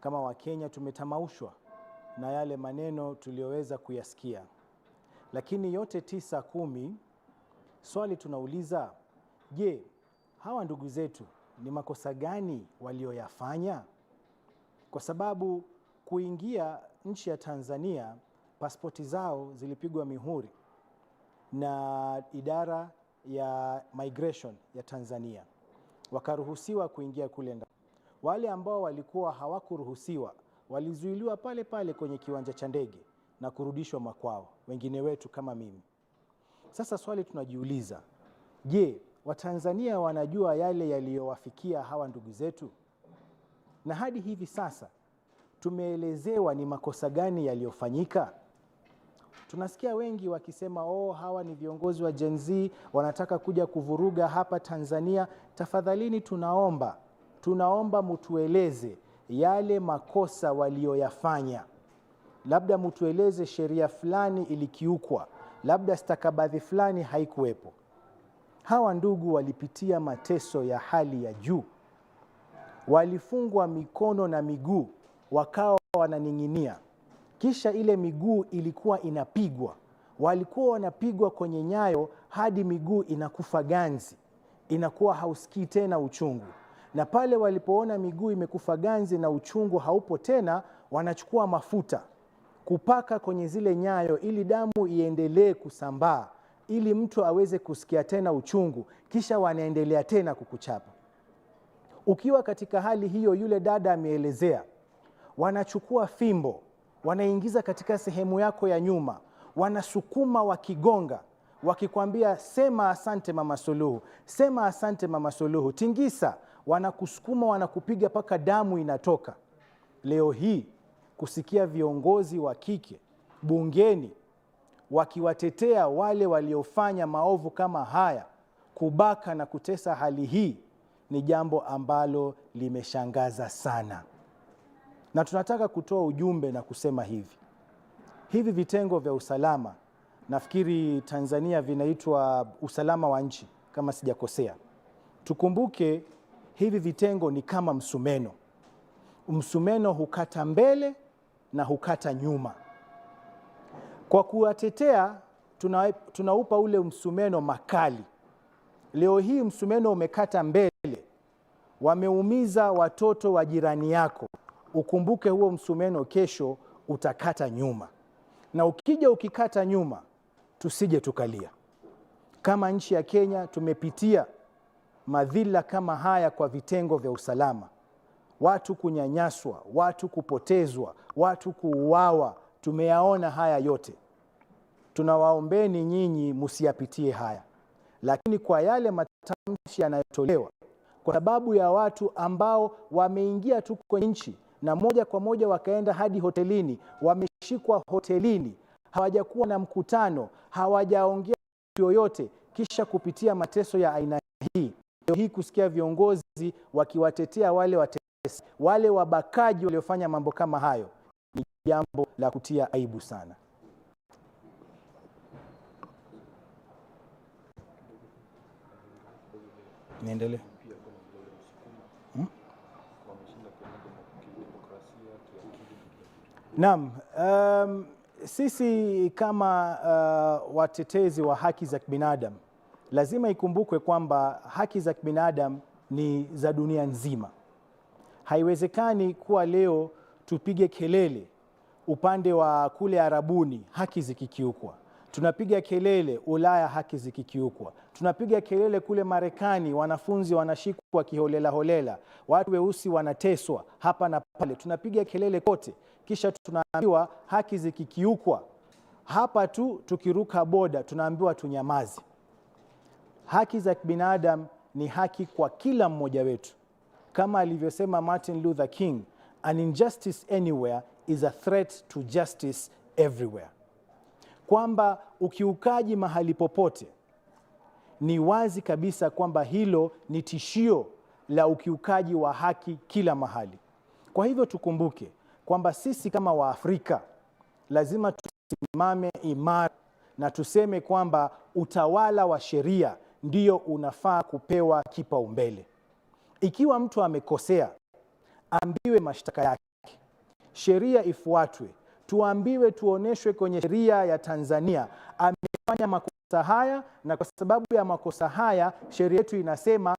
Kama Wakenya tumetamaushwa na yale maneno tuliyoweza kuyasikia, lakini yote tisa kumi, swali tunauliza, je, hawa ndugu zetu ni makosa gani walioyafanya? Kwa sababu kuingia nchi ya Tanzania pasipoti zao zilipigwa mihuri na idara ya migration ya Tanzania, wakaruhusiwa kuingia kule ndani. Wale ambao walikuwa hawakuruhusiwa walizuiliwa pale pale kwenye kiwanja cha ndege na kurudishwa makwao, wengine wetu kama mimi. Sasa swali tunajiuliza, je, Watanzania wanajua yale yaliyowafikia hawa ndugu zetu? Na hadi hivi sasa tumeelezewa ni makosa gani yaliyofanyika? Tunasikia wengi wakisema oh, hawa ni viongozi wa Gen Z wanataka kuja kuvuruga hapa Tanzania. Tafadhalini tunaomba tunaomba mutueleze yale makosa walioyafanya, labda mutueleze sheria fulani ilikiukwa, labda stakabadhi fulani haikuwepo. Hawa ndugu walipitia mateso ya hali ya juu, walifungwa mikono na miguu, wakawa wananing'inia, kisha ile miguu ilikuwa inapigwa, walikuwa wanapigwa kwenye nyayo hadi miguu inakufa ganzi, inakuwa hausikii tena uchungu na pale walipoona miguu imekufa ganzi na uchungu haupo tena, wanachukua mafuta kupaka kwenye zile nyayo ili damu iendelee kusambaa ili mtu aweze kusikia tena uchungu, kisha wanaendelea tena kukuchapa. Ukiwa katika hali hiyo, yule dada ameelezea, wanachukua fimbo wanaingiza katika sehemu yako ya nyuma, wanasukuma wakigonga, wakikwambia sema asante mama Suluhu, sema asante mama Suluhu, tingisa wanakusukuma wanakupiga mpaka damu inatoka. Leo hii kusikia viongozi wa kike bungeni wakiwatetea wale waliofanya maovu kama haya, kubaka na kutesa, hali hii ni jambo ambalo limeshangaza sana, na tunataka kutoa ujumbe na kusema hivi hivi vitengo vya usalama nafikiri Tanzania vinaitwa usalama wa nchi kama sijakosea. Tukumbuke hivi vitengo ni kama msumeno. Msumeno hukata mbele na hukata nyuma. Kwa kuwatetea tuna, tunaupa ule msumeno makali. Leo hii msumeno umekata mbele, wameumiza watoto wa jirani yako. Ukumbuke huo msumeno, kesho utakata nyuma, na ukija ukikata nyuma, tusije tukalia. Kama nchi ya Kenya tumepitia madhila kama haya kwa vitengo vya usalama, watu kunyanyaswa, watu kupotezwa, watu kuuawa. Tumeyaona haya yote, tunawaombeni nyinyi msiyapitie haya, lakini kwa yale matamshi yanayotolewa kwa sababu ya watu ambao wameingia tu kwenye nchi na moja kwa moja wakaenda hadi hotelini, wameshikwa hotelini, hawajakuwa na mkutano, hawajaongea yoyote, kisha kupitia mateso ya aina hii, hii kusikia viongozi wakiwatetea wale watesi, wale wabakaji waliofanya mambo kama hayo ni jambo la kutia aibu sana. Niendelee. Hmm? Naam, um, sisi kama uh, watetezi wa haki za kibinadamu lazima ikumbukwe kwamba haki za kibinadamu ni za dunia nzima. Haiwezekani kuwa leo tupige kelele upande wa kule Arabuni haki zikikiukwa, tunapiga kelele Ulaya haki zikikiukwa, tunapiga kelele kule Marekani wanafunzi wanashikwa kiholela holela, watu weusi wanateswa hapa na pale, tunapiga kelele kote, kisha tunaambiwa haki zikikiukwa hapa tu, tukiruka boda tunaambiwa tunyamaze haki za kibinadamu ni haki kwa kila mmoja wetu, kama alivyosema Martin Luther King, an injustice anywhere is a threat to justice everywhere, kwamba ukiukaji mahali popote ni wazi kabisa kwamba hilo ni tishio la ukiukaji wa haki kila mahali. Kwa hivyo tukumbuke kwamba sisi kama Waafrika lazima tusimame imara na tuseme kwamba utawala wa sheria ndio unafaa kupewa kipaumbele. Ikiwa mtu amekosea, ambiwe mashtaka yake, sheria ifuatwe, tuambiwe, tuoneshwe kwenye sheria ya Tanzania amefanya makosa haya, na kwa sababu ya makosa haya sheria yetu inasema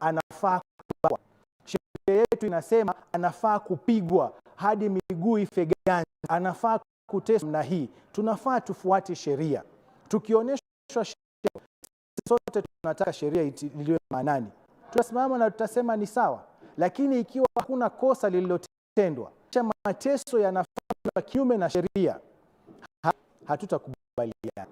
anafaa kupigwa. Sheria yetu inasema anafaa kupigwa hadi miguu ife anafaa kuteswa namna hii. Tunafaa tufuate sheria tukionyesha sote tunataka sheria itiliwe maanani, tutasimama na tutasema ni sawa, lakini ikiwa hakuna kosa lililotendwa, mateso yanafanywa kiume na sheria, hatutakubaliana.